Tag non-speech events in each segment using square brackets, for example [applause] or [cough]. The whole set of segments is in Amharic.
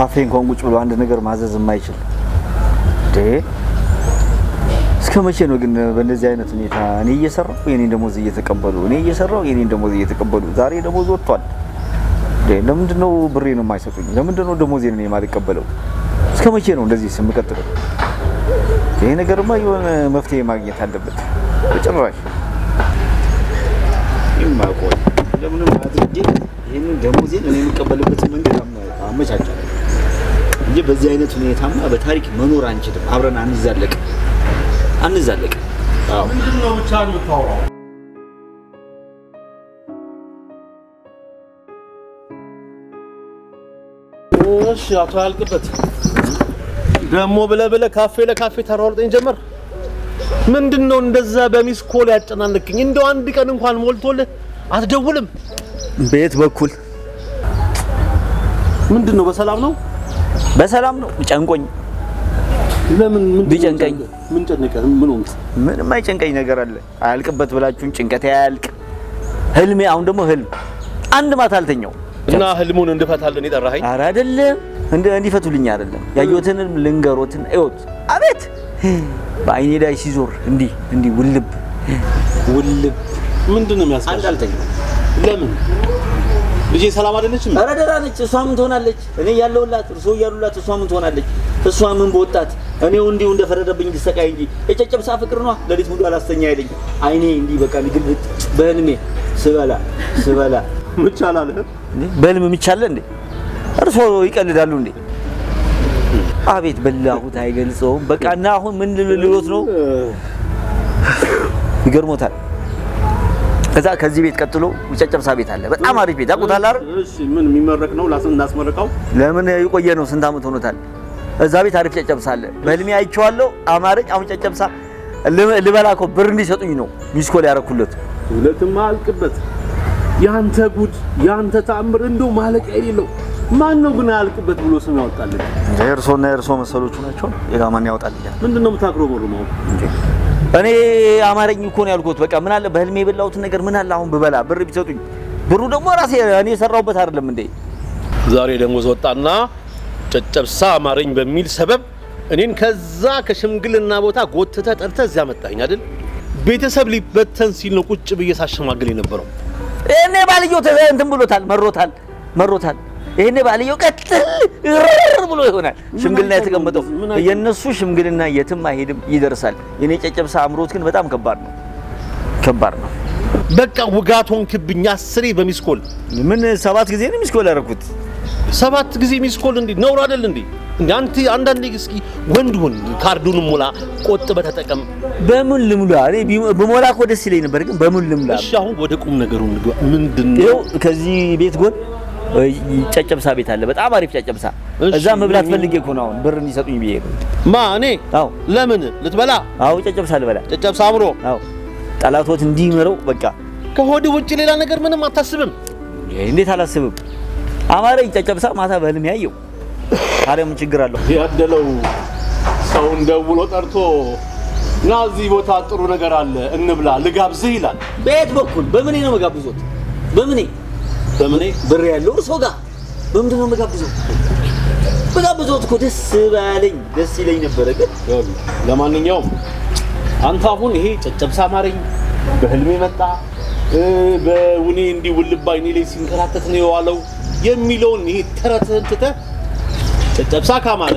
ካፌ እንኳን ቁጭ ብሎ አንድ ነገር ማዘዝ የማይችል እስከ መቼ ነው ግን በእንደዚህ አይነት ሁኔታ እኔ እየሰራው የኔን ደሞዝ እየተቀበሉ እኔ እየሰራው የኔን ደሞዝ እየተቀበሉ ዛሬ ደሞዝ ወጥቷል ለምንድን ነው ብሬ ነው የማይሰጡኝ ለምንድን ነው ደሞዜን እኔ የማልቀበለው እስከ መቼ ነው እንደዚህ የምቀጥለው ይሄ ነገርማ የሆነ መፍትሄ ማግኘት አለበት በጭራሽ ይማቆይ ለምንም አድርጌ ይህንን ደሞዜን እኔ የምቀበልበትን መንገድ አመቻቻለሁ እንጂ በዚህ አይነት ሁኔታማ በታሪክ መኖር አንችልም። አብረን አንዛለቅ አንዛለቅ። አዎ ምንድን ነው ብቻ የምታወራው? እሺ አቶ ያልቅበት ደግሞ ካፌ ለካፌ ተሯርጠኝ ጀመር። ምንድን ነው እንደዛ በሚስ ኮል ያጨናነቅኝ? እንደው አንድ ቀን እንኳን ሞልቶልህ አትደውልም? ቤት በኩል ምንድን ነው በሰላም ነው? በሰላም ነው ጨንቆኝ ለምን ቢጨንቀኝ ምን ጨነቀህ? ምን ሆንክ? ምንም አይጨንቀኝ ነገር አለ። አያልቅበት ብላችሁን ጭንቀት ያያልቅ። ህልሜ አሁን ደግሞ ህልም አንድ ማታ አልተኛው እና ህልሙን እንድፈታልን የጠራኸኝ? ኧረ አይደለም እንደ እንዲፈቱልኝ አይደለም ያየሁትን ልንገሮትን እዩት። አቤት በአይኔ ላይ ሲዞር እንዲህ እንዲህ ውልብ ውልብ ምንድነው የሚያስፈልግ? አንድ አልተኛው ለምን ልጄ ሰላም አይደለችም። ኧረ ደህና ነች። እሷ ምን ትሆናለች? እኔ ያለሁላት፣ እርስዎ እያሉላት፣ እሷ ምን ትሆናለች? እሷ ምን በወጣት እኔው እንዲሁ እንደፈረደብኝ ልሰቃይ እንጂ የጨጨብሳ ፍቅር ነው። ለሊት ሙሉ አላስተኛ አይለኝ። አይኔ እንዲህ በቃ ንግልት በህልሜ ስበላ ስበላ ምቻላል። በህልም ምቻለ እንዴ? እርስዎ ይቀልዳሉ እንዴ? አቤት በላሁት አይገልጸውም። በቃ እና አሁን ምን ልልሎት ነው? ይገርሞታል ከዛ ከዚህ ቤት ቀጥሎ ጨጨብሳ ቤት አለ። በጣም አሪፍ ቤት አቁታል አይደል? እሺ፣ ምን የሚመረቅ ነው? ላስን እናስመርቀው። ለምን የቆየ ነው? ስንት አመት ሆኖታል? እዛ ቤት አሪፍ ጨጨብሳ አለ። በህልሜ አይቼዋለሁ። አማረኝ። አሁን ጨጨብሳ ልበላ እኮ ብር እንዲሰጡኝ ነው ሚስኮል ያደረኩለት። ሁለትማ አልቅበት። ያንተ ጉድ፣ ያንተ ተአምር እንደው ማለቂያ የሌለው ማን ነው ግን አያልቅበት ብሎ ስም ያወጣልን? እርሶና እርሶ መሰሎቹ ናቸው። የጋማን ያወጣልኛል። ምንድን ነው የምታቅረው? በሩ ነው እንዴ እኔ አማረኝ እኮ ነው ያልኩት። በቃ ምን አለ በህልሜ የበላሁትን ነገር ምን አለ አሁን ብበላ ብር ቢሰጡኝ። ብሩ ደግሞ ራሴ እኔ የሰራሁበት አይደለም እንዴ? ዛሬ ደሞዝ ወጣና ጨጨብሳ አማረኝ በሚል ሰበብ እኔን ከዛ ከሽምግልና ቦታ ጎትተ ጠርተ እዚያ መጣኝ አይደል? ቤተሰብ ሊበተን ሲል ነው ቁጭ ብዬ ሳሸማግል የነበረው። እኔ ባልየው እንትን ብሎታል፣ መሮታል፣ መሮታል ይሄኔ ባልየው ቀጥል እርር ብሎ ይሆናል። ሽምግልና የተቀመጠው የነሱ ሽምግልና የትም አይሄድም፣ ይደርሳል። የኔ ጨጨብሳ አምሮት ግን በጣም ከባድ ነው፣ ከባድ ነው። በቃ ውጋቶን ክብኛ አስሬ በሚስኮል ምን ሰባት ጊዜ ነው ሚስኮል ያደረኩት። ሰባት ጊዜ ሚስኮል እንዴ ነውር አይደል እንዴ? አንተ አንዳንዴ እስኪ ወንድ ሁን፣ ካርዱን ሙላ፣ ቆጥበ ተጠቀም። በምን ልሙላ? እኔ በሞላ እኮ ደስ ይለኝ ነበር፣ ግን በምን ልሙላ? እሺ አሁን ወደ ቁም ነገሩ ምንድነው? ከዚህ ቤት ጎን ጨጨብሳ ቤት አለ፣ በጣም አሪፍ ጨጨብሳ። እዛ መብላት ፈልጌ እኮ ነው አሁን ብር እንዲሰጡኝ ብዬ ማ እኔ። አዎ ለምን ልትበላ? አዎ ጨጨብሳ ልበላ። ጨጨብሳ አምሮ አዎ ጠላቶት እንዲመረው በቃ። ከሆድ ውጭ ሌላ ነገር ምንም አታስብም? እንዴት አላስብም? አማረኝ ጨጨብሳ። ማታ በህልም ያየው ታዲያ ምን ችግር አለው? ያደለው ሰውን ደውሎ ጠርቶ ና እዚህ ቦታ ጥሩ ነገር አለ እንብላ ልጋብዝህ ይላል። በየት በኩል በምኔ ነው መጋብዞት በምኔ ከምኔ ብር ያለው እርሶ ጋር በምንድን ነው መጋብዘው? መጋብዘውት እኮ ደስ ባለኝ ደስ ይለኝ ነበረ። ግን ለማንኛውም አንተ አሁን ይሄ ጨጨብሳ ማረኝ በህልሜ መጣ በውኔ እንዲህ ውልባ ላይ ሲንከራተት ነው የዋለው የሚለውን ይሄ ተረትህን ትተህ ጨጨብሳ ካማረ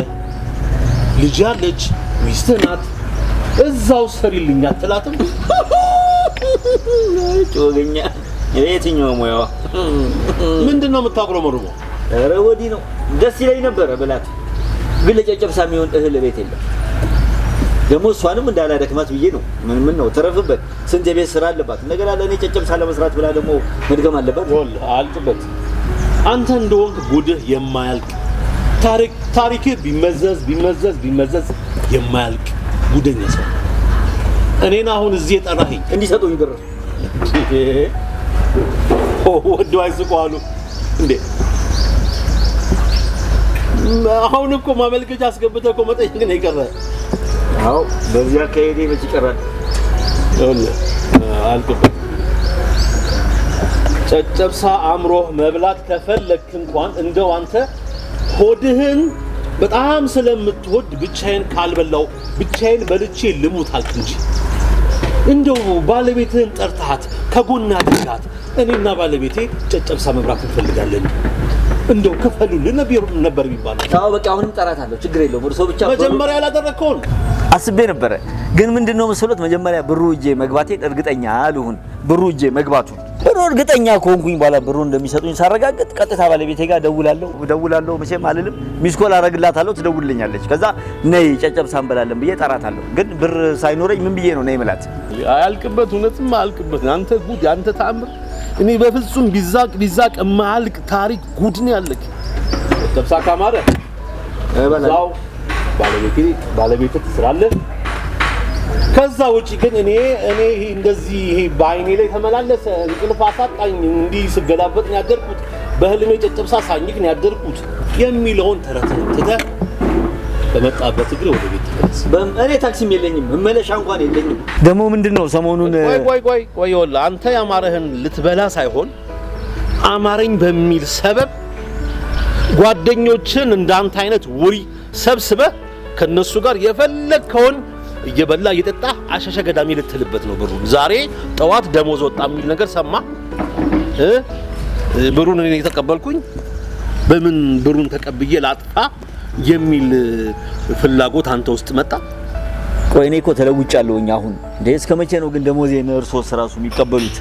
ልጅ ያለች ሚስትህ ናት እዛው ሰሪልኝ አትላትም? ጮኸኛ የትኛው ሙያዋ [laughs] ምንድን ነው የምታጉረመርሙ? ኧረ ወዲህ ነው ደስ ይለኝ ነበረ ብላት፣ ግን ለጨጨብሳ የሚሆን እህል ቤት የለም። ደግሞ እሷንም እንዳላደክማት ብዬ ነው። ምን ምን ነው ተረፍበት፣ ስንት የቤት ስራ አለባት። እንደገና ለእኔ ጨጨብሳ ለመስራት ብላ ደግሞ መድገም አለባት። አልጥበት። አንተ እንደወንክ ጉድህ የማያልቅ ታሪክ ታሪክ ቢመዘዝ ቢመዘዝ ቢመዘዝ የማያልቅ ጉደኛ ሰው እኔን አሁን እዚህ የጠራኸኝ እንዲሰጡኝ ብር ወደው አይስቁ እንዴ? አሁን እኮ ማመልከቻ አስገብተህ እኮ መጠየቅ ግን የቀረ። አዎ በዚህ አካሄዴ በዚህ ቀራል። ይኸውልህ አልኩበት ጨጨብሳ አምሮህ መብላት ከፈለክ እንኳን እንደው አንተ ሆድህን በጣም ስለምትወድ ብቻዬን ካልበላው ብቻዬን በልቼ ልሙት አልክ እንጂ እንደው ባለቤትህን ጠርታት ከጎና አድርጋት እኔና ባለቤቴ ጨጨብሳ መብራት እንፈልጋለን። እንደው ክፈሉልን ነበር የሚባለው። አዎ በቃ አሁንም ጠራት አለው። ችግር የለውም። እርሶ ብቻ መጀመሪያ ያላደረግከውን አስቤ ነበረ፣ ግን ምንድነው መሰሎት መጀመሪያ ብሩ እጄ መግባቴ እርግጠኛ አልሁን። ብሩ እጄ መግባቱ ብሩ እርግጠኛ ከሆንኩኝ በኋላ ብሩ እንደሚሰጡኝ ሳረጋግጥ ቀጥታ ባለቤቴ ጋር ደውላለሁ። ደውላለሁ መቼም አልልም። ሚስኮል አረግላታለሁ፣ ትደውልልኛለች። ከዛ ነይ ጨጨብሳ እንበላለን ብዬ ጠራታለሁ። ግን ብር ሳይኖረኝ ምን ብዬ ነው ነይ ምላት? አያልቅበት፣ እውነትም አያልቅበት። አንተ ጉድ፣ አንተ ታምር እኔ በፍጹም ቢዛቅ ቢዛቅ የማያልቅ ታሪክ ጉድን ያለክ። ደብሳ ካማረ እዛው ባለቤቴ ባለቤቴ ትስራለህ። ከዛ ውጪ ግን እኔ እኔ ይሄ እንደዚህ ይሄ በአይኔ ላይ ተመላለሰ እንቅልፍ አሳጣኝ፣ እንዲህ ስገላበጥ ነው ያደርኩት፣ በህልሜ ጨጨብሳ ሳኝክ ነው ያደርኩት የሚለውን ተረት ትተህ በመጣበት እግር ወደ ቤት ተመለስ። እኔ ታክሲም የለኝም መመለሻ እንኳን የለኝም። ደግሞ ምንድን ነው ሰሞኑን ቆይ ቆይ ቆይ ቆይ ይኸውልህ አንተ ያማረህን ልትበላ ሳይሆን አማረኝ በሚል ሰበብ ጓደኞችን እንዳንተ አይነት ውሪ ሰብስበህ ከነሱ ጋር የፈለግከውን እየበላ እየጠጣ አሻሻ ገዳሚ ልትልበት ነው ብሩን። ዛሬ ጠዋት ደሞዝ ወጣ የሚል ነገር ሰማ ብሩን እኔ የተቀበልኩኝ በምን ብሩን ተቀብዬ ላጥፋ የሚል ፍላጎት አንተ ውስጥ መጣ? ቆይ እኔ እኮ ተለውጫለሁኝ። አሁን እንዴ እስከ መቼ ነው ግን ደሞዝ እርሶስ ራሱ የሚቀበሉት?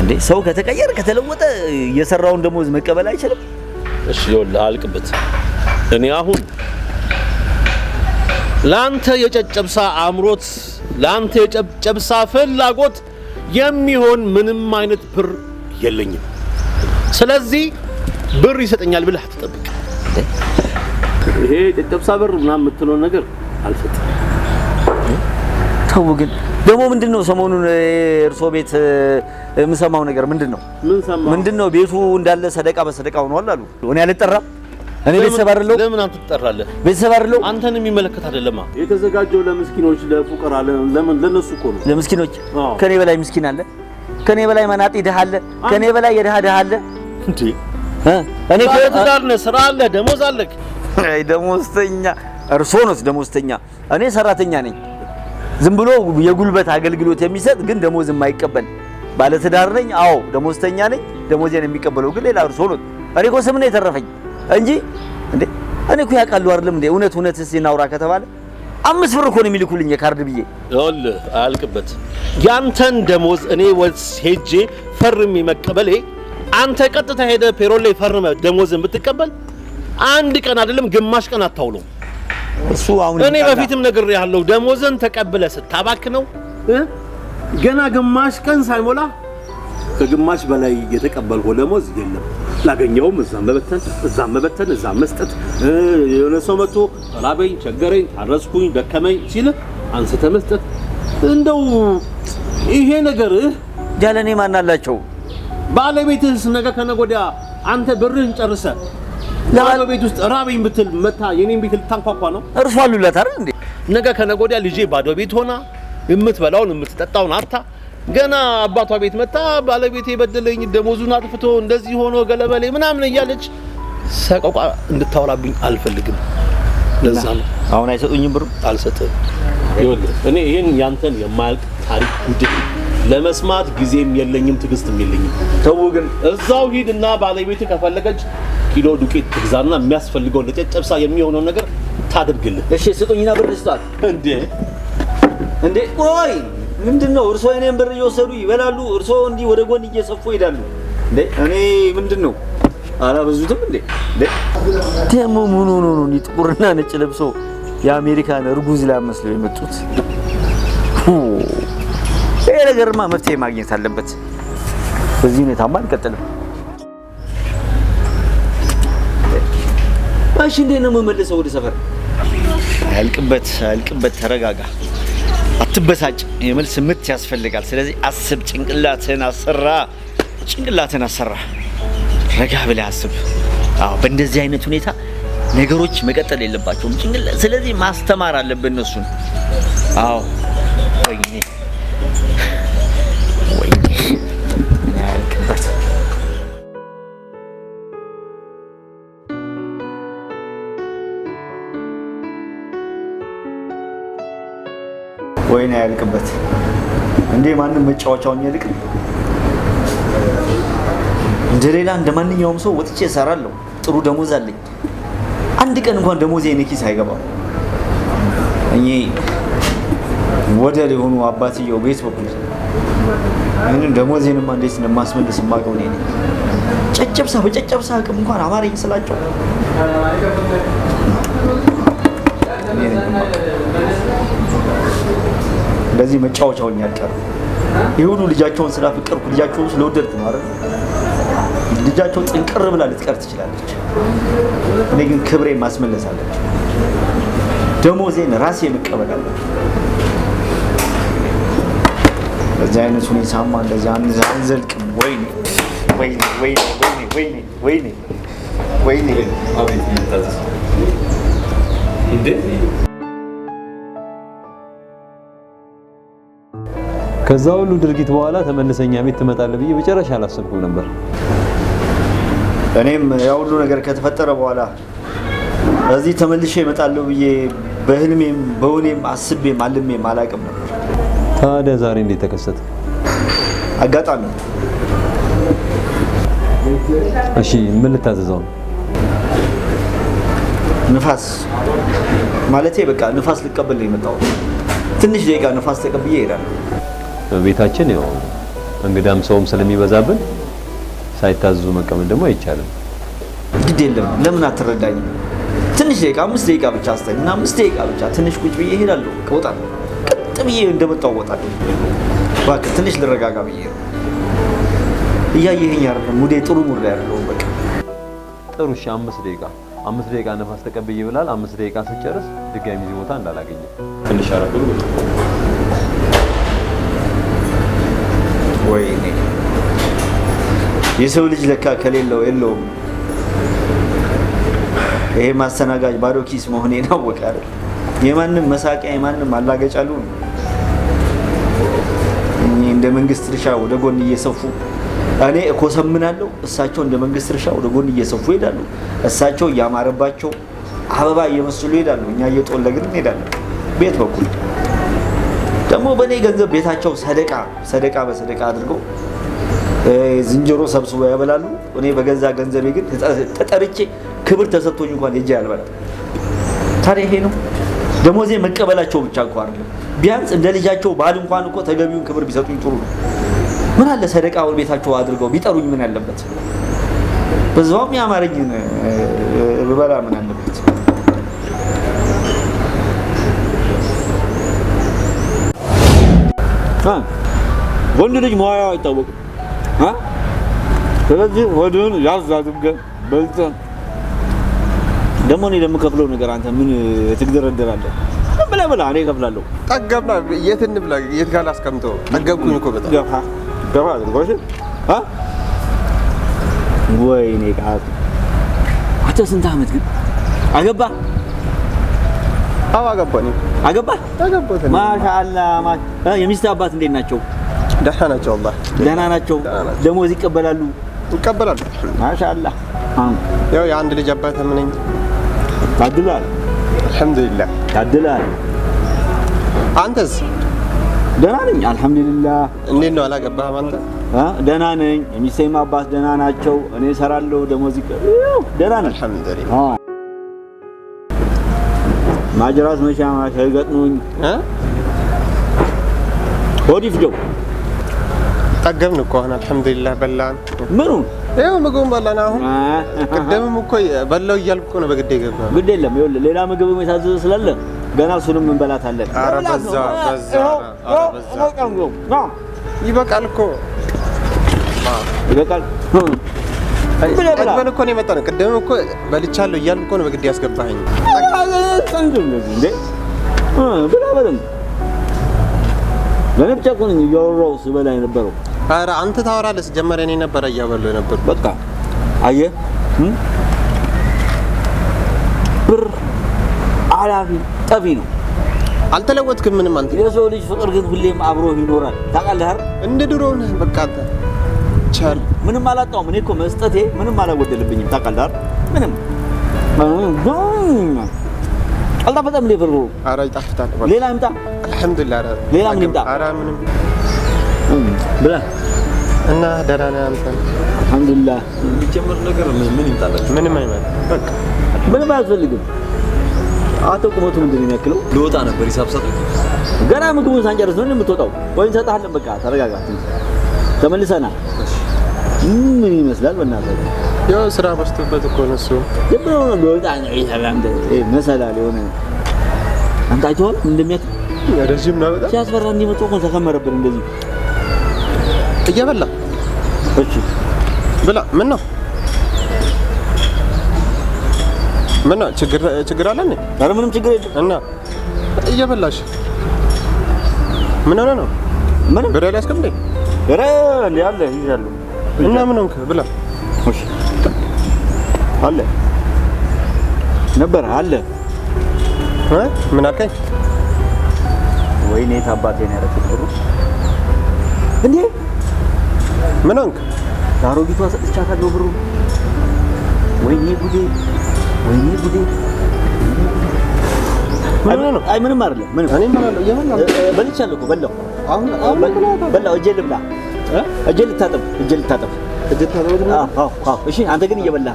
እንዴ ሰው ከተቀየረ ከተለወጠ የሰራውን ደሞዝ መቀበል አይችልም። እሺ ይኸውልህ፣ አልቅበት። እኔ አሁን ላንተ የጨጨብሳ አምሮት፣ ላንተ የጨጨብሳ ፍላጎት የሚሆን ምንም አይነት ብር የለኝም። ስለዚህ ብር ይሰጠኛል ብለህ አትጠብቅ። ይሄ ጨጨብሳ በር ምናምን የምትለው ነገር አልፈጥም። ተው ግን ደግሞ ምንድነው ሰሞኑን እርሶ ቤት የምሰማው ነገር ምንድነው? ምን ሰማው? ምንድነው ቤቱ እንዳለ ሰደቃ በሰደቃ ሆኗል አሉ። እኔ አልጠራም። እኔ ቤተሰብ አይደለሁ። ለምን አንተ ትጠራለህ? ቤተሰብ አይደለሁ። አንተን የሚመለከት አይደለም። የተዘጋጀው ለምስኪኖች፣ ለፉቀራ፣ ለምን ለነሱ እኮ ነው። ለምስኪኖች ከኔ በላይ ምስኪን አለ? ከኔ በላይ መናጢ ድሃ አለ? ከኔ በላይ የድሃ ድሃ አለ እንዴ? እኔ ከየት ዳር ነህ? ስራ አለ፣ ደሞዝ አለህ ደሞዝተኛ እርሶ ነው ደሞዝተኛ። እኔ ሰራተኛ ነኝ። ዝም ብሎ የጉልበት አገልግሎት የሚሰጥ ግን ደሞዝ የማይቀበል ባለትዳር ነኝ። አዎ ደሞዝተኛ ነኝ። ደሞዜን የሚቀበለው ግን ሌላ እርሶ ነው። እኔ እኮ ስም ነው የተረፈኝ እንጂ እንዴ እኔ እኮ ያውቃሉ አይደለም እንዴ? እውነት እውነት እስኪ ከተባለ አምስት ብር እኮ ነው የሚልኩልኝ የካርድ ብዬ። ይኸውልህ አያልቅበት። ያንተን ደሞዝ እኔ ወስ ሄጄ ፈርሜ መቀበሌ አንተ ቀጥታ ሄደ ፔሮል ላይ ፈርመ ደሞዝን ብትቀበል አንድ ቀን አይደለም ግማሽ ቀን አታውሎ። እሱ አሁን እኔ በፊትም ነገር ያለው ደሞዝን ተቀብለ ስታባክ ነው ገና ግማሽ ቀን ሳይሞላ ከግማሽ በላይ የተቀበልከው ደሞዝ የለም። ላገኘውም እዛም መበተን እዛም መበተን እዛም መስጠት የሆነ ሰው መጥቶ ራበኝ፣ ቸገረኝ፣ ታረስኩኝ፣ ደከመኝ ሲል አንስተ መስጠት እንደው ይሄ ነገር ጃለኔ ማናላቸው ባለቤትህስ ነገ ከነገ ወዲያ አንተ ብርህን ጨርሰ ለባዶ ቤት ውስጥ ራበኝ ብትል መታ የኔን ቤት ልታንኳኳ ነው። እርሷ አሉላት አይደል እንዴ? ነገ ከነገ ወዲያ ልጄ ባዶ ቤት ሆና የምትበላውን የምትጠጣውን አታ ገና አባቷ ቤት መታ ባለቤቴ የበደለኝ ደሞዙን አጥፍቶ እንደዚህ ሆኖ ምናምን እያለች እንድታወራብኝ አልፈልግም። ለዛ ነው አሁን አይሰጡኝም አልሰጥም። ይኸውልህ እኔ ያንተን የማያልቅ ታሪክ ለመስማት ጊዜም የለኝም፣ ትግስትም የለኝም። ተው ግን እዛው ሂድና ባለቤትህ ከፈለገች ኪሎ ዱቄት ትግዛና የሚያስፈልገውን ለጨጨብሳ የሚሆነው ነገር ታደርግልህ። እሺ ስጡኝና ብር ስጣት። እንዴ እንዴ፣ ቆይ ምንድነው? እርሶ የኔን ብር እየወሰዱ ይበላሉ፣ እርሶ እንዲህ ወደ ጎን እየሰፉ ይሄዳሉ። እንዴ እኔ ምንድነው? ነው አላበዙትም እንዴ? ደግሞ ምን ሆኖ ነው ጥቁርና ነጭ ለብሰው የአሜሪካን እርጉዝ ላም መስለው የመጡት? ይሄ ነገርማ መፍትሄ ማግኘት አለበት። በዚህ ሁኔታማ አንቀጥልም። ባሽ እንዴት ነው የምመልሰው ወደ ሰፈር? አያልቅበት አያልቅበት። ተረጋጋ፣ አትበሳጭ። የመልስ ምት ያስፈልጋል። ስለዚህ አስብ፣ ጭንቅላትን አሰራ፣ ጭንቅላትን አሰራ። ረጋ ብለህ አስብ። አዎ፣ በእንደዚህ አይነት ሁኔታ ነገሮች መቀጠል የለባቸውም። ጭንቅላት ስለዚህ ማስተማር አለብን እነሱን። አዎ ወይኔ ወይኔ አያልቅበት እንዴ ማንም መጫወቻውን ያልቅ እንደሌላ ሌላ እንደ ማንኛውም ሰው ወጥቼ እሰራለሁ። ጥሩ ደሞዝ አለኝ። አንድ ቀን እንኳን ደሞዜ እኔ ኪስ አይገባም። እኚህ ወደር የሆኑ አባትየው ቤት በኩል ይህንን ደሞዜንማ እንዴት እንደማስመልስ የማውቀው እኔ ነኝ። ጨጨብሳ በጨጨብሳ አቅም እንኳን አማረኝ ስላቸው ለዚህ መጫወቻውን ያቀር ይሁሉ ልጃቸውን ስላፈቀርኩ ልጃቸውን ስለወደድኩ ማለት ልጃቸው ጥንቅር ብላ ልትቀር ትችላለች። እኔ ግን ክብሬ ማስመለስ አለች፣ ደሞዜን ራሴ መቀበል አለች። በዚህ አይነት ሁኔታማ እንደዚህ አንዘልቅም። ወይኔ ወይኔ ወይኔ ወይኔ ወይኔ ወይኔ ወይኔ ከዛ ሁሉ ድርጊት በኋላ ተመልሰኛ ቤት ትመጣለህ ብዬ መጨረሻ አላሰብኩም ነበር። እኔም ያ ሁሉ ነገር ከተፈጠረ በኋላ እዚህ ተመልሼ እመጣለሁ ብዬ በህልሜም በውኔም አስቤም አልሜም አላቅም ነበር። ታዲያ ዛሬ እንዴት ተከሰተ? አጋጣሚ። እሺ ምን ልታዘዘው ነው? ንፋስ ማለቴ በቃ ንፋስ ልቀበል ነው የመጣሁት። ትንሽ ደቂቃ ንፋስ ተቀብዬ እሄዳለሁ። ቤታችን ያው እንግዳም ሰውም ስለሚበዛብን ሳይታዘዙ መቀመጥ ደግሞ አይቻልም። ግድ የለም ለምን አትረዳኝ? ትንሽ ደቂቃ አምስት ደቂቃ ብቻ አስተኝ እና አምስት ደቂቃ ብቻ ትንሽ ቁጭ ብዬ እሄዳለሁ። ቆጣ ቀጥ ብዬ እንደመጣው እወጣለሁ። እባክህ ትንሽ ልረጋጋ ብዬ ነው። እያየኸኝ አይደለም? ሙዴ ጥሩ ሙድ ያለው በቃ ጥሩ። እሺ አምስት ደቂቃ አምስት ደቂቃ ነፋስ ተቀብዬ ብላል። አምስት ደቂቃ ስጨርስ ድጋሚ እዚህ ቦታ እንዳላገኘ ትንሽ አረፍ ብሎ ወይኔ የሰው ልጅ ለካ ከሌለው የለውም። ይሄ ማስተናጋጅ ባዶ ኪስ መሆን አወቀ አይደል? የማንም መሳቂያ የማንም አላገጫሉ እንደ መንግስት እርሻ ወደ ጎን እየሰፉ እኔ እኮሰምናለሁ፣ እሳቸው እንደ መንግስት እርሻ ወደ ጎን እየሰፉ ይሄዳሉ። እሳቸው እያማረባቸው አበባ እየመስሉ ይሄዳሉ። እኛ እየጦለግን እንሄዳለን። ቤት በኩል ደግሞ በእኔ ገንዘብ ቤታቸው ሰደቃ ሰደቃ በሰደቃ አድርገው ዝንጀሮ ሰብስበው ያበላሉ። እኔ በገዛ ገንዘቤ ግን ተጠርቼ ክብር ተሰጥቶኝ እንኳን ሄጄ ያልበላል። ታዲያ ይሄ ነው ደሞዜ መቀበላቸው ብቻ እንኳ አይደለም። ቢያንስ እንደ ልጃቸው ባል እንኳን እኮ ተገቢውን ክብር ቢሰጡኝ ጥሩ ነው። ምን አለ ሰደቃውን ቤታቸው አድርገው ቢጠሩኝ ምን አለበት? በዛውም ያማረኝን ብበላ ምን አለበት? ወንድ ልጅ መዋያው አይታወቅም። ስለዚህ ወድን ያዝ አድርገህ በልተህ ደግሞ እኔ ለምከፍለው ነገር አንተ ምን ትግደረደራለህ? ብለህ ብላ እኔ እከፍላለሁ። ጠገብና የት እንብላ? የት ጋር ላስቀምጠው? ጠገብኩኝ እኮ በጣም ገፋ ገፋ አድርጎሽ አ ወይኔ ቃል አንተ ስንት አመት ግን አገባህ? አዎ አገባኝ። አገባ አገባኝ። ማሻአላ የሚስት አባት እንዴት ናቸው? ደህና ናቸው። አላህ ደህና ናቸው። ደሞዝ ይቀበላሉ? ይቀበላሉ። ማሻአላ ያው የአንድ ልጅ አባት ምንኝ ታድላል። አልሐምዱሊላህ ታድላል። አንተስ? ደህና ነኝ አልሐምዱሊላህ። እንዴት ነው አላገባህም አንተ? ደህና ነኝ። የሚስቴም አባት ደህና ናቸው። እኔ እሰራለሁ። ደሞዝ ይቀበላሉ። ደህና ነኝ አልሐምዱሊላህ። ማጅራት መቼ ማሸ ገጥሞኝ እ ወዲፍ ጆ ጠገብን እኮ አሁን አልሐምዱሊላህ በላን። ምኑ ይኸው ምግቡን በላን። አሁን ቅድምም እኮ በላው እያልኩ ነው በግድ የገባው። ግድ የለም ይኸውልህ፣ ሌላ ምግብ የታዘዘ ስላለ ገና እሱንም እንበላታለን። ኧረ በዛ በዛ ይበቃል እኮ ይበቃል። ጠግበን እኮ ነው የመጣነው። ቅድምም እኮ በልቻለሁ እያልኩ እኮ ነው በግድ ያስገባኸኝ። 딴 소리 내는데 응 그러거든 ለነብጫቁን እያወራው ስበላ የነበረው ኧረ አንተ ታወራለህ ጀመረ እኔ ነበረ እያበሉ የነበር በቃ አየህ ብር አላፊ ጠፊ ነው አልተለወጥክም ምንም አንተ የሰው ልጅ ፍቅር ግን ሁሌም አብሮ ይኖራል ታውቃለህ አይደል እንደ ድሮ ነህ በቃ አንተ ቻል ምንም አላጣሁም እኔ እኮ መስጠቴ ምንም አላጎደልብኝም ታውቃለህ ምንም አልጣፈጠም እንዴ ፍርፍሩ? ኧረ ይጣፍጣል። ሌላ ይምጣ። አልሐምዱሊላህ። ኧረ ሌላ ምን ይምጣ? ኧረ ምንም ብላ እና ደህና ነህ አንተ? አልሐምዱሊላህ። የሚጨምር ነገር ምን ምን ይምጣላችሁ? ምንም አይመጣም። በቃ ምንም አያስፈልግም። አቶ ቁመቱ ምንድን ነው የሚያክለው? ልወጣ ነበር ሂሳብ ሰጠኝ። ገና ምግቡን ሳንጨርስ ነው የምትወጣው? ወይም ሰጣለን። በቃ ተረጋጋ። ተመልሰናል ምን ይመስላል? በእናትህ ያው ስራ በዝቶበት እኮ ነው እሱ ዝም ብሎ ነው ቢወጣ መሰላል የሆነ አምጣችኋል እንደሚያት ረዥም ነው በጣም ሲያስፈራ እንዲመጡ እኮ ተከመረብን እንደዚህ እየበላ እሺ ብላ ምን ነው ምን ነው ችግር ችግር አለ እንዴ ኧረ ምንም ችግር የለም እና እየበላሽ ምን ሆነ ነው ምንም ብሬ ላይ አስቀምጠኝ ብሬ እንደ አለ ይዣለሁ እና ምን ሆንክ ብላ አለ ነበር አለ እ ምን አልከኝ? ወይኔ አባቴ ነው ያረከው እንዴ ምን ሆንክ? አሮጊቷ ሰጥቻታለሁ ብሩ። ወይኔ ጉዴ፣ ወይኔ ጉዴ። አይ ምንም አይደለም። ምንም እኔ ምን አለው? የምን በልቻለሁ እኮ በላሁ። አሁን አሁን በላሁ። እጄ ልብላ እጄ ልታጠብ እጄ ልታጠብ እሺ። አንተ ግን እየበላህ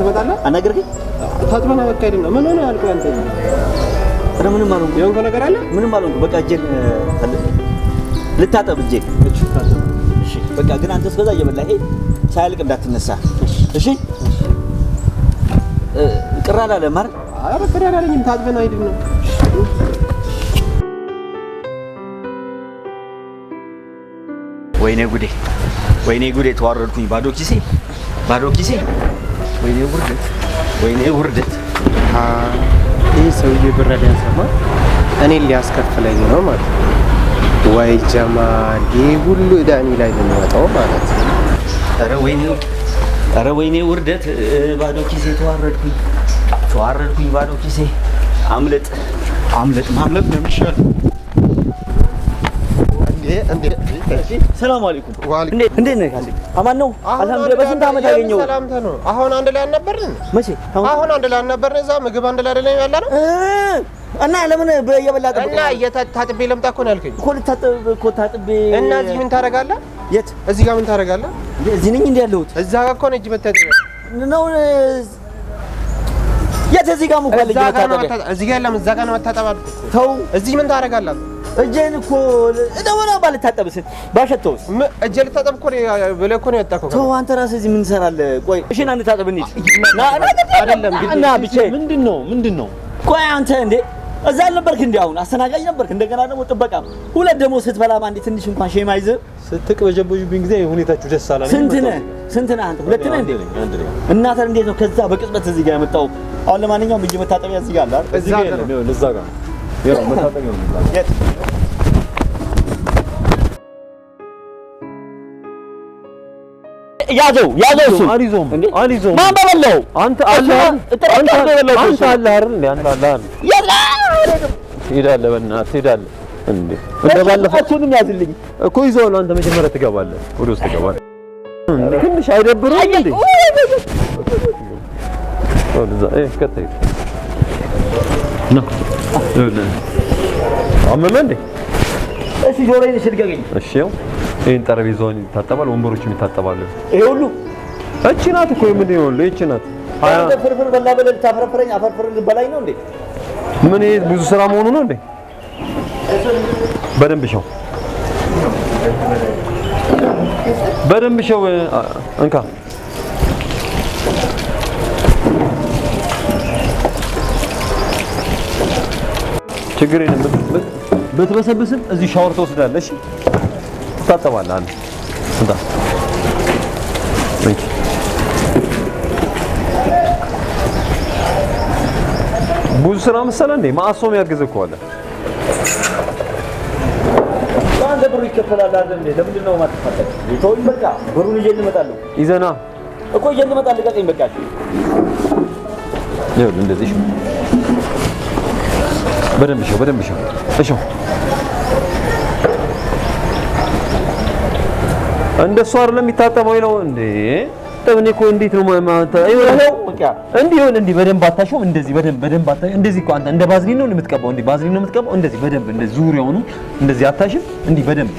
ትመጣለህ። አናገርከኝ ታጥበና በቃ አይደለም። ምን ሆነ ያልኩህ አንተ ምንም አልሆንኩም። የሆንከው ነገር አለ? ምንም አልሆንኩም። በቃ እጄን ልታጠብ እጄን። እሺ በቃ ግን አንተ እስከዛ እየበላህ ሄድ፣ ሳያልቅ እንዳትነሳ እሺ። ቅር አላለህም አይደል? ኧረ ቅር አላለኝም። ታጥበና ሄድና ወይኔ ጉዴ፣ ወይኔ ጉዴ፣ ተዋረድኩኝ። ባዶ ኪሴ፣ ባዶ ኪሴ። ወይኔ ውርደት፣ ወይኔ ውርደት። ይህ ሰውዬ ብር ያሰማ እኔን ሊያስከፍለኝ ነው ማለት ወይ ጀማል፣ ይህ ሁሉ ዕዳ ላይ ልንወጣው ማለት ነው። ኧረ ወይኔ፣ ኧረ ወይኔ ውርደት፣ ባዶ ኪሴ፣ ተዋረድኩኝ፣ ተዋረድኩኝ፣ ባዶ ኪሴ። አምለጥ፣ አምለጥ፣ ማምለጥ ነው የሚሻለው። ሰላም አለይኩም። እንዴት ነህ? አማን ነው። አልሐምዱሊላህ። በስንት ዓመት ያገኘው ሰላምታ ነው። አሁን አንድ ላይ አልነበርን? መቼ? አሁን አንድ ላይ አልነበርን? እዛ ምግብ አንድ ላይ አይደለም ያለ ነው እና ለምን እየበላ እና ታጥቤ ልምጣ እኮ ነው ያልከኝ እኮ ልታጥብ እኮ ታጥቤ እና እዚህ ምን ታደርጋለህ? የት እዚህ ጋር ምን ታደርጋለህ? እዚህ ነኝ እንደ ያለሁት እዛ ጋር እኮ ነው እጅ መታጠቢያ ነው። የት እዚህ ጋር ሙቀል እዚህ ጋር የለም። እዛ ጋር ነው መታጠብ አልኩህ። ተው እዚህ ምን ታደርጋለህ? እጄን እኮ እደወላ ባልታጠብስ ባሸተውስ እጄ ልታጠብ እኮ ብለህ እኮ ነው የወጣኸው። ተው አንተ ራስህ እዚህ ምን ትሰራለህ? ቆይ እሺ ና እንታጠብ እንሂድ። እና ብቻ ምንድን ነው ምንድን ነው? ቆይ አንተ እንዴ እዛ አልነበርክ እንዴ? አሁን አስተናጋጅ ነበርክ፣ እንደገና ደግሞ ጥበቃ፣ ሁለት ደግሞ ስትበላም እንዴ ትንሽ እንኳን ሼም አይዝህ። ስትቅበጀበጁብኝ ጊዜ ሁኔታችሁ ደስ አላ። ስንት ነህ ስንት ነህ አንተ? ሁለት ነህ እንዴ? እናተን እንዴት ነው ከዛ በቅጽበት እዚህ ጋር የመጣው? አሁን ለማንኛውም እጅ መታጠቢያ እዚህ ጋር አለ እዚህ ጋር ነው እዛ ጋር Yok bakamıyorum zaten. Git. ያዘው ያዘው እሱ አሪዞ አሪዞ ማን በለው አንተ አላህ አንተ በለው አንተ አላህ አይደል አንተ አላህ ያላ ትሄዳለህ በእናትህ ትሄዳለህ እንዴ እንደባለፈው እሱንም ያዝልኝ እኮ ይዞ ነው አንተ መጀመሪያ ትገባለህ ወደ ውስጥ ትገባለህ እንዴ ትንሽ አይደብርም እንዴ ወደዛ እህ ከተይ ነው አመመህ እንዴ? እሺ፣ ጆሮዬን ስልገገኝ። እሺ፣ ያው ይሄን ጠረጴዛውን ይታጠባል፣ ወንበሮችም ይታጠባሉ። ይሄ ሁሉ እቺ ናት እኮ የምንድን ነው? ይቺ ናት። አንተ ፍርፍር በላ በለህ ልታፈረፍረኝ፣ አፈርፍር ልበላኝ ነው እንዴ? ምን ይሄ ብዙ ስራ መሆኑ ነው እንዴ? በደንብ ሸው፣ በደንብ ሸው፣ እንካ ችግር የለም። ብትበሰብስም እዚህ ሻወር ትወስዳለሽ፣ ትታጠባለህ። አንድ እንታ ብዙ ስራ መሰለህ እንዴ? ማአሶም ያግዝህ እኮ አለ። አንተ ብሩ ይከፈላል አይደል እንዴ? ለምንድን ነው የማትፋጠጥ? ይቶኝ በቃ ብሩን ይዤ እንመጣለሁ። ይዘና እኮ ይዤ እንመጣለሁ። ልቀቀኝ በቃ። ይኸውልህ እንደዚህ በደንብ ሸው፣ በደንብ ሸው፣ እሸው። እንደሱ አይደለም የሚታጠበው ነው እንዴ? ጠብኔ እኮ እንዴት ነው ማማንተ አይወለው በቃ እንዲህ ይሁን። እንዲህ በደንብ አታሽውም። እንደዚህ በደንብ በደንብ አታ እንደዚህ እኮ አንተ እንደ ባዝሊን ነው የምትቀባው። እንዴ ባዝሊን ነው የምትቀባው። እንደዚህ በደንብ እንደዚህ ዙሪያውን እንደዚህ አታሽም። እንዲህ በደንብ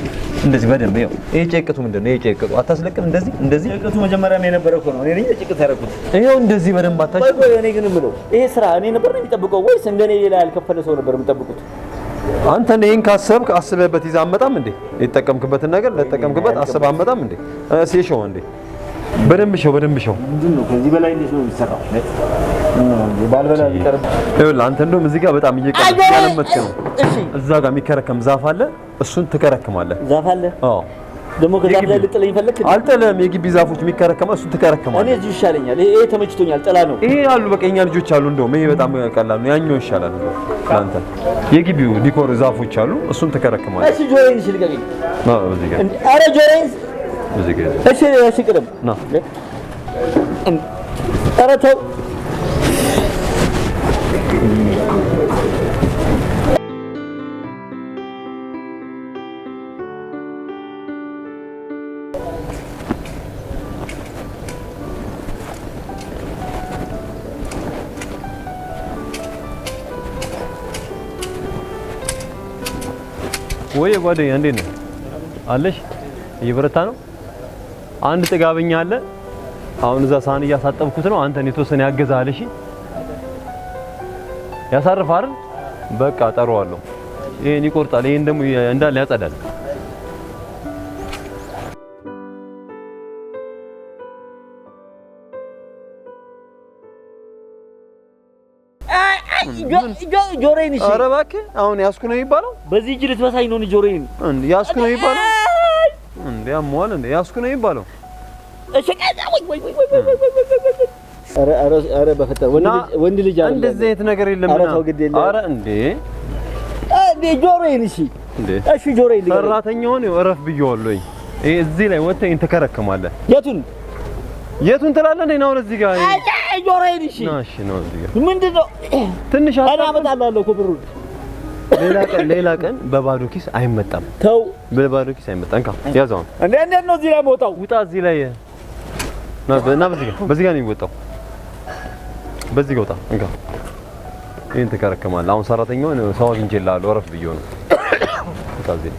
እንደዚህ በደንብ ይኸው። ይሄ ጨቅጡ ምንድን ነው? ይሄ ጨቅጡ አታስለቅም። እንደዚህ እንደዚህ ጨቅጡ መጀመሪያ ላይ የነበረ እኮ ነው። እኔ ነኝ ጨቅጥ ያደረኩት። ይሄው እንደዚህ በደንብ አታሽም። ወይ ቆይ፣ እኔ ግን የምለው ይሄ ስራ እኔ ነበር ነው የሚጠብቀው ወይስ እንደኔ ሌላ ያልከፈለ ሰው ነበር የሚጠብቁት? አንተ ይሄን ካሰብክ አስበህበት ይዘህ አመጣም እንዴ? የተጠቀምክበትን ነገር ለተጠቀምክበት አስበህ አመጣም እንዴ? እሺ፣ ይኸው እንዴ በደንብ ሸው በደንብ ሸው ከዚህ በላይ እንዴት ነው የሚሰራው? አንተ እንደውም እዚህ ጋር በጣም እየቀለመጥክ ነው። እዛ ጋር የሚከረከም ዛፍ አለ፣ እሱን ትከረክማለህ። ዛፍ አለ አዎ ደግሞ ከዛፍ ላይ ልጥለኝ ፈለክ? አልጥልም። የግቢ ዛፎች የሚከረከማ እሱን ትከረከማለህ። እኔ እዚህ ይሻለኛል። ይሄ ተመችቶኛል። ጥላ ነው ይሄ አሉ። በቃ የእኛ ልጆች አሉ። እንደውም ይሄ በጣም ቀላል ነው። ያኛው ይሻላል። አንተ የግቢው ዲኮር ዛፎች አሉ፣ እሱን ትከረክማለህ። እሺ አዎ እዚህ ጋር አረ ጆሮዬን እሺ፣ እሺ፣ ቅድም ነው ኧረ ተው ወይ ጓደኛ እንዴት ነህ? አለሽ እየበረታ ነው አንድ ጥጋበኛ አለ። አሁን እዛ ሳህን እያሳጠብኩት ነው። አንተን የተወሰነ ያገዛል። እሺ፣ አይደል? በቃ ጠሯዋለሁ። ይሄን ይቆርጣል፣ ይሄን ደግሞ እንዳለ ያጸዳል። ጆሮዬን እሺ፣ ኧረ እባክህ አሁን ያስኩ ነው የሚባለው። በዚህ እጅ ልትበሳኝ ነው ጆሮዬን ያስኩ ነው የሚባለው እንዴ አሟል እንዴ ያስኩ ነው የሚባለው። እሺ ከዛ ወይ ወይ ወይ ወይ አረ አረ አረ በፈጠር ወንድ ልጅ አይደለም እንደዚህ አይነት ነገር የለም። አረ ተው ግድ የለም። አረ እንዴ እንዴ ጆሮዬን እሺ እንዴ እሺ ጆሮዬን ልጅ ሰራተኛውን እረፍ ብዬዋለሁኝ። ይሄ እዚህ ላይ ወጥተህ ተከረከማለህ። የቱን የቱን ትላለህ እንዴ? ነው እዚህ ጋር አይ ጆሮዬን እሺ ነው እዚህ ጋር ምንድነው ትንሽ አጣ አመጣላለሁ እኮ ብሩን ሌላ ቀን በባዶ ኪስ አይመጣም። ተው፣ በባዶ ኪስ አይመጣም። እንካ ያዘው። እንዴ እንዴት ነው እዚህ ላይ የምወጣው? ውጣ! እዚህ ላይ እና በዚህ ጋር በዚህ ጋር ነው የሚወጣው። በዚህ ጋር ውጣ። እንካ ይሄን ተከረከማል። አሁን ሰራተኛውን ሰው አግኝቼልሃለሁ። እረፍ ብዬሽ ነው። ውጣ! እዚህ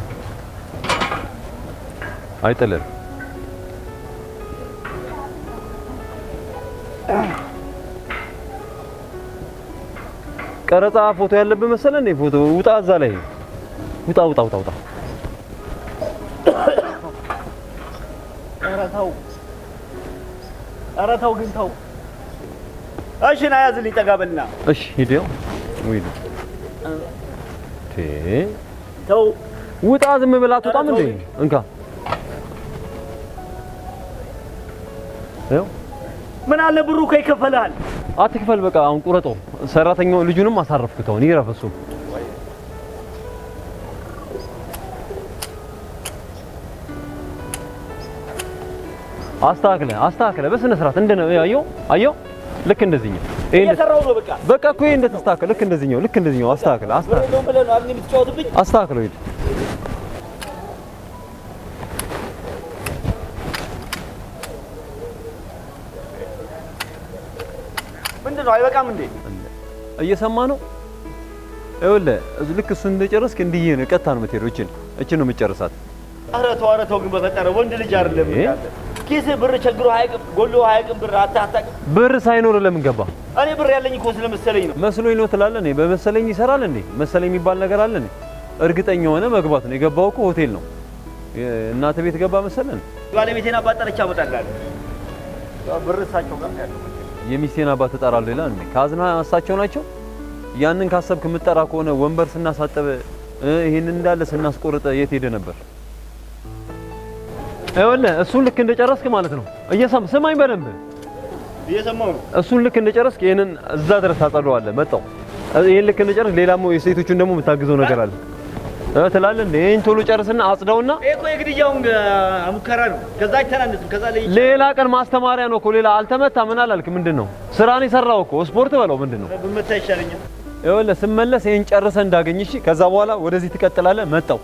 አይጥልም ቀረጻ ፎቶ ያለብህ መሰለህ እንዴ? ፎቶ ውጣ፣ እዛ ላይ ውጣ፣ ውጣ፣ ውጣ፣ ውጣ። ኧረ ተው ግን ተው። እሺ ና ያዝልኝ፣ ጠጋ በልና። እሺ ሂድ፣ ያው ሂድ። ተው ውጣ፣ ዝም ብላ አትወጣም እንዴ? እንካ ምን አለ ብሩ እኮ አትክፈል። በቃ አሁን ቁረጦ። ሰራተኛው ልጁንም አሳረፍኩት። አሁን ይረፍ እሱ። አስተካክለ አስተካክለ በስነ ስርዓት እንደ ነው ያየው አየው። ልክ እንደዚህ ነው። በቃ በቃ እኮ ይሄ እንደተስተካከለ ልክ እንደዚህ ነው። ልክ እንደዚህ ነው። አስተካክለ አስተካክለ ይሄ ምንድን ነው? አይበቃም እንዴ? እየሰማ ነው። ይኸውልህ ልክ እሱን እንደጨረስክ እንዲህ ነው ቀጥታ ነው የምትሄደው። እችን እችን ነው የምትጨርሳት። ኧረ ተው፣ ኧረ ተው ግን በፈጠረ ወንድ ልጅ አይደለም ያለ ኪስ ብር ቸግሮ አያውቅም፣ ጎሎ አያውቅም። ብር አታጣቅም። ብር ሳይኖር ለምን ገባ? እኔ ብር ያለኝ እኮ ስለመሰለኝ ነው። መስሎኝ ነው ትላለህ። እኔ በመሰለኝ ይሰራል እንዴ? መሰለኝ የሚባል ነገር አለ እንዴ? እርግጠኛ ሆነ መግባት ነው የገባው እኮ ሆቴል ነው። እናተ ቤት ገባ መሰለን። ባለቤቴን አባጠረች አመጣልሃለሁ። ብር እሳቸው ጋር ያለው የሚስቴን አባት እጠራለሁ ይላል እንዴ? ካዝና እሳቸው ናቸው። ያንን ካሰብክ የምጠራ ከሆነ ወንበር ስናሳጠበ ይሄን እንዳለ ስናስቆርጠ የት ሄደ ነበር? አይወለ እሱን ልክ እንደጨረስክ ማለት ነው። እየሰማ ስማኝ በደንብ እየሰማው ነው። እሱን ልክ እንደጨረስክ ይሄንን እዛ ድረስ ታጸደዋለህ። መጣው ይሄን ልክ እንደጨረስክ ሌላ የሴቶቹን ደግሞ የምታግዘው ነገር አለ። ትላለህ እንዴ? ይሄን ቶሎ ጨርስና አጽደውና ይሄ እኮ የግድያው ሙከራ ነው። ከዛ አይተናነስም። ከዛ ላይ ሌላ ቀን ማስተማሪያ ነው እኮ ሌላ አልተመታ ምን አላልክ? ምንድን ነው ስራን የሰራው እኮ ስፖርት በለው ምንድን ነው ብመታ ይሻለኛል። ይኸውልህ ስመለስ ይሄን ጨርሰህ እንዳገኝ እሺ። ከዛ በኋላ ወደዚህ ትቀጥላለህ። መጣው